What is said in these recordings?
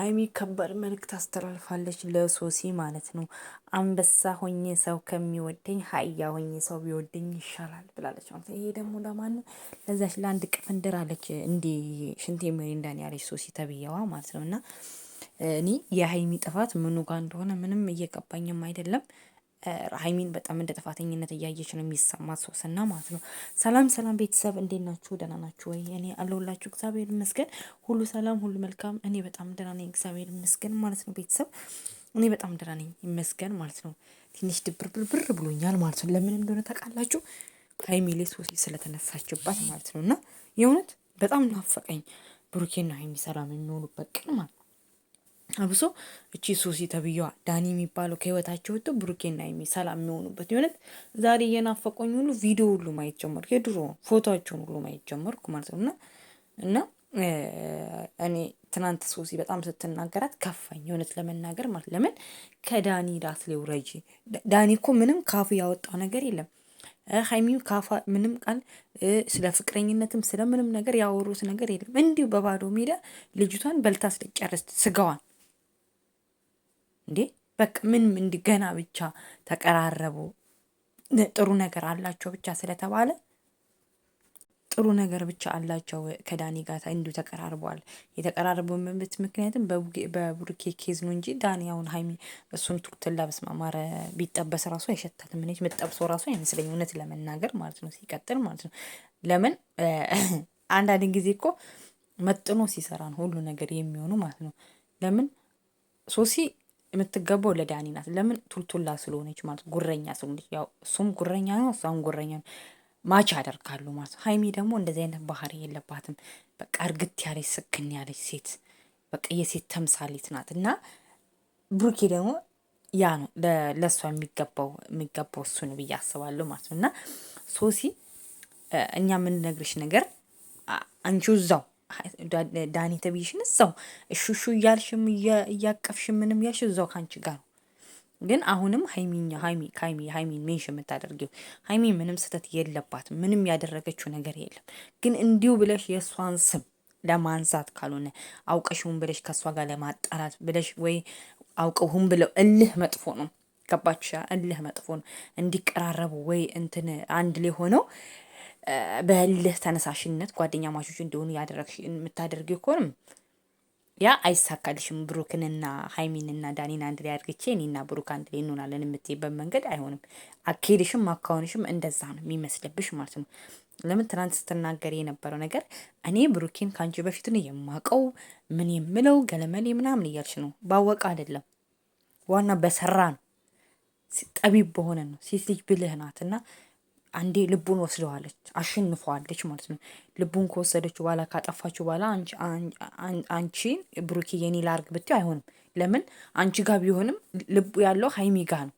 ሀይሚ ከባድ መልእክት አስተላልፋለች ለሶሲ ማለት ነው። አንበሳ ሆኜ ሰው ከሚወደኝ ሀያ ሆኜ ሰው ቢወደኝ ይሻላል ብላለች ማለት ነው። ይሄ ደግሞ ለማን ለዛች ለአንድ ቅፍንድር አለች እንዲ ሽንቴ ሜሪንዳን ያለች ሶሲ ተብዬዋ ማለት ነው። እና እኔ የሀይሚ ጥፋት ምኑ ጋር እንደሆነ ምንም እየገባኝም አይደለም። ሀይሚን በጣም እንደ ጥፋተኝነት እያየች ነው የሚሰማት ሶስና ማለት ነው። ሰላም ሰላም ቤተሰብ እንዴት ናችሁ? ደህና ናችሁ ወይ? እኔ አለሁላችሁ እግዚአብሔር ይመስገን። ሁሉ ሰላም፣ ሁሉ መልካም። እኔ በጣም ደህና ነኝ እግዚአብሔር ይመስገን ማለት ነው። ቤተሰብ እኔ በጣም ደህና ነኝ ይመስገን ማለት ነው። ትንሽ ድብር ብርብር ብሎኛል ማለት ነው። ለምን እንደሆነ ታውቃላችሁ? ሀይሚ ላይ ሶሲ ስለተነሳችባት ማለት ነው። እና የእውነት በጣም ናፈቀኝ ብሩኬና ሀይሚ ሰላም የሚሆኑበት ቀን ማለት አብሶ እቺ ሱሲ ተብዬዋ ዳኒ የሚባለው ከህይወታቸው ወጥቶ ብሩኬና ሀይሚ ሰላም የሚሆኑበት የሆነት ዛሬ እየናፈቆኝ ሁሉ ቪዲዮ ሁሉ ማየት ጀመርኩ። የድሮ ፎቶቸውን ሁሉ ማየት ጀመርኩ ማለት ነው እና እና እኔ ትናንት ሶሲ በጣም ስትናገራት ከፋኝ፣ የእውነት ለመናገር ማለት ለምን ከዳኒ ዳት ላይ ዳኒ እኮ ምንም ካፉ ያወጣው ነገር የለም። ሀይሚ ካፋ ምንም ቃል ስለ ፍቅረኝነትም ስለምንም ነገር ያወሩት ነገር የለም። እንዲሁ በባዶ ሜዳ ልጅቷን በልታ ስለጨረስ ስጋዋን እንዴ በቃ ምንም እንዲህ ገና ብቻ ተቀራረቡ ጥሩ ነገር አላቸው ብቻ ስለተባለ ጥሩ ነገር ብቻ አላቸው ከዳኒ ጋር እንዲሁ ተቀራርበዋል። የተቀራረቡበት ምክንያትም በቡርኬ ኬዝ ነው እንጂ ዳኒ አሁን ሀይሚ እሱን ቱርትን በስማማረ ቢጠበስ ራሱ አይሸታትም። እኔ መጠብሶ ራሱ አይመስለኝ እውነት ለመናገር ማለት ነው። ሲቀጥል ማለት ነው ለምን አንዳንድ ጊዜ እኮ መጥኖ ሲሰራ ነው ሁሉ ነገር የሚሆኑ ማለት ነው። ለምን ሶሲ የምትገባው ለዳኒ ናት። ለምን ቱልቱላ ስለሆነች ማለት ጉረኛ ስለሆነች፣ ያው እሱም ጉረኛ ነው፣ እሷም ጉረኛ ነው። ማች ያደርጋሉ ማለት ሀይሜ ሀይሚ ደግሞ እንደዚህ አይነት ባህሪ የለባትም። በቃ እርግት ያለች ስክን ያለች ሴት በቃ የሴት ተምሳሌት ናት። እና ብሩኬ ደግሞ ያ ነው ለእሷ የሚገባው የሚገባው እሱ ነው ብዬ አስባለሁ ማለት ነው። እና ሶሲ እኛ የምንነግርሽ ነገር አንቺ እዛው ዳኒ ተብይሽን እዛው እሹሹ እያልሽም እያቀፍሽ ምንም እያልሽ እዛው ከአንቺ ጋር ግን አሁንም ሀይሚኛ ሀይሚ ሀይሚ ሀይሚን ሜንሽ የምታደርጊው ሀይሚ ምንም ስህተት የለባት። ምንም ያደረገችው ነገር የለም። ግን እንዲሁ ብለሽ የእሷን ስም ለማንሳት ካልሆነ አውቀሽውን ብለሽ ከእሷ ጋር ለማጣላት ብለሽ ወይ አውቀውን ብለው እልህ መጥፎ ነው። ገባች? እልህ መጥፎ ነው። እንዲቀራረቡ ወይ እንትን አንድ ላይ ሆነው በህልህ ተነሳሽነት ጓደኛ ማቾች እንደሆኑ ያደረግሽ የምታደርጊው ከሆንም ያ አይሳካልሽም። ብሩክንና ሀይሚንና ዳኒን አንድ ላይ አድርግቼ እኔና ብሩክ አንድ ላይ እንሆናለን የምትይበት መንገድ አይሆንም። አካሄድሽም አካሆንሽም እንደዛ ነው የሚመስልብሽ ማለት ነው። ለምን ትናንት ስትናገር የነበረው ነገር እኔ ብሩኬን ከአንቺ በፊት ነው የማውቀው፣ ምን የምለው ገለመሌ ምናምን እያልሽ ነው። ባወቀ አይደለም ዋና በሰራ ነው፣ ጠቢብ በሆነ ነው። ሴት ልጅ ብልህ ናት እና አንዴ ልቡን ወስደዋለች፣ አሸንፈዋለች ማለት ነው። ልቡን ከወሰደች በኋላ ካጠፋችሁ በኋላ አንቺ ብሩኬ የኔ ላርግ ብትይው አይሆንም። ለምን አንቺ ጋር ቢሆንም ልቡ ያለው ሀይሚ ጋ ነው።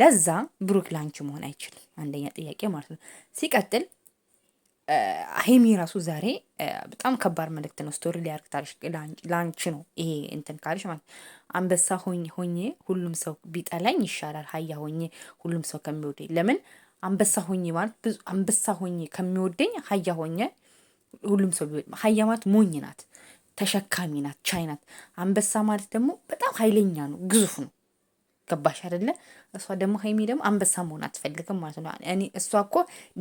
ለዛ ብሩክ ለአንቺ መሆን አይችልም። አንደኛ ጥያቄ ማለት ነው። ሲቀጥል ሀይሚ ራሱ ዛሬ በጣም ከባድ መልእክት ነው ስቶሪ ሊያርግ ታለሽ ለአንቺ ነው ይሄ እንትን ካለች ማለት አንበሳ ሆኜ ሁሉም ሰው ቢጠላኝ ይሻላል ሀያ ሆኜ ሁሉም ሰው ከሚወደኝ ለምን አንበሳ ሆኜ ማለት ብዙ አንበሳ ሆኜ ከሚወደኝ ሀያ ሆኜ ሁሉም ሰው ቢወድ ሀያ ማለት ሞኝ ናት፣ ተሸካሚ ናት፣ ቻይ ናት። አንበሳ ማለት ደግሞ በጣም ኃይለኛ ነው፣ ግዙፍ ነው። ገባሽ አይደለ? እሷ ደግሞ ሀይሚ ደግሞ አንበሳ መሆን አትፈልግም ማለት ነው። እኔ እሷ እኮ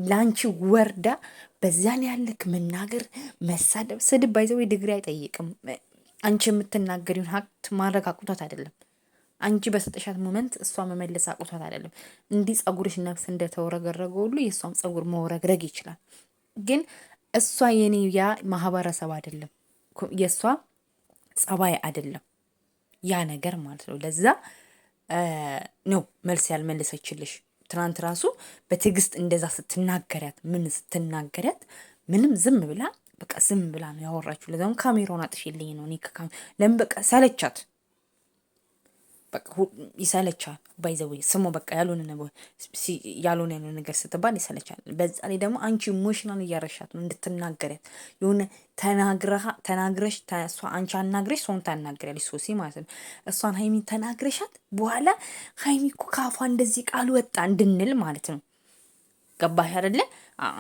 ለአንቺ ወርዳ በዚያን ያለክ መናገር፣ መሳደብ። ስድብ ባይዘው ዲግሪ አይጠይቅም። አንቺ የምትናገሪውን ሀቅት ማረጋግጧት አይደለም አንቺ በሰጠሻት ሞመንት እሷ መመለስ አቁቷት አይደለም። እንዲህ ጸጉርሽ ነፍስ እንደተወረገረገ ሁሉ የእሷም ጸጉር መውረግረግ ይችላል። ግን እሷ የኔ ያ ማህበረሰብ አይደለም፣ የእሷ ጸባይ አይደለም ያ ነገር ማለት ነው። ለዛ ነው መልስ ያልመለሰችልሽ። ትናንት ራሱ በትዕግስት እንደዛ ስትናገሪያት ምን ስትናገሪያት ምንም ዝም ብላ በቃ ዝም ብላ ነው ያወራችሁ። ለዛም ካሜራውን አጥፊልኝ ነው እኔ ለምን በቃ ሰለቻት። በቃ ይሰለቻል። ባይዘዌ ስሙ በቃ ያልሆነ ያልሆነ ያልሆነ ነገር ስትባል ይሰለቻል። በዛ ላይ ደግሞ አንቺ ኢሞሽናል እያረሻት ነው እንድትናገሪያት የሆነ ተናግረሽ እሷ አንቺ አናግረሽ ሰውን ታናግሪያለሽ። ሶሲ ማለት ነው እሷን ሀይሚ ተናግረሻት በኋላ ሀይሚ እኮ ከአፏ እንደዚህ ቃል ወጣ እንድንል ማለት ነው። ገባሽ አደለ?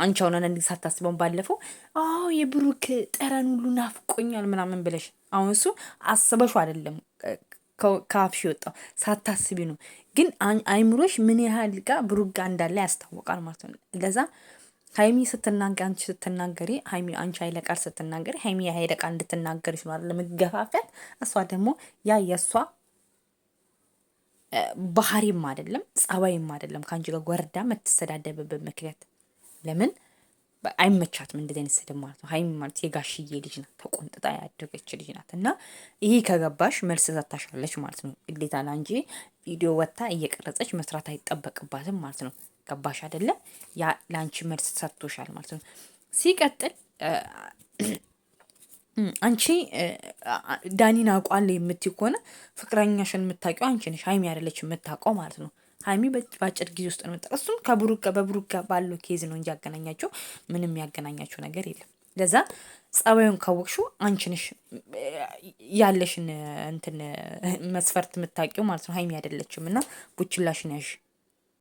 አንቺ አሁን አንዳንድ ሳታስበውን ባለፈው አዎ የብሩክ ጠረን ሁሉ ናፍቆኛል ምናምን ብለሽ አሁን እሱ አስበሹ አደለም ከአፍሽ የወጣው ሳታስቢ ነው። ግን አይምሮሽ ምን ያህል ጋር ብሩጋ እንዳለ ያስታወቃል ማለት ነው። ለዛ ሀይሚ ስትናገ አንቺ ስትናገሪ ሀይሚ አንቺ ኃይለ ስትናገሪ ሀይሚ የኃይለ እንድትናገር ይችላል ለመገፋፈት እሷ ደግሞ ያ የእሷ ባህሪም አይደለም ጸባይም አይደለም ከአንቺ ጋር ጎረዳ የምትሰዳደብበት ምክንያት ለምን አይመቻትም እንደዚህ አይነት ስድብ ማለት ነው። ሀይሚ ማለት የጋሽዬ ልጅ ናት፣ ተቆንጥጣ ያደገች ልጅ ናት። እና ይህ ከገባሽ መልስ ሰታሻለች ማለት ነው። ግዴታ እንጂ ቪዲዮ ወጥታ እየቀረጸች መስራት አይጠበቅባትም ማለት ነው። ገባሽ አይደለ? ያ ላንቺ መልስ ሰጥቶሻል ማለት ነው። ሲቀጥል አንቺ ዳኒን አውቋል የምትይ ከሆነ ፍቅረኛሽን የምታውቂው አንቺ ነሽ፣ ሀይሚ አይደለች የምታውቀው ማለት ነው። ሀይሚ በአጭር ጊዜ ውስጥ ነው መጣ። እሱም ከብሩክ በብሩክ ጋር ባለው ኬዝ ነው እንጂ ያገናኛቸው ምንም ያገናኛቸው ነገር የለም። ለዛ ጸባዩን ካወቅሹ አንችንሽ ያለሽን እንትን መስፈርት የምታውቂው ማለት ነው። ሀይሚ አይደለችም እና ቡችላሽን ያሽ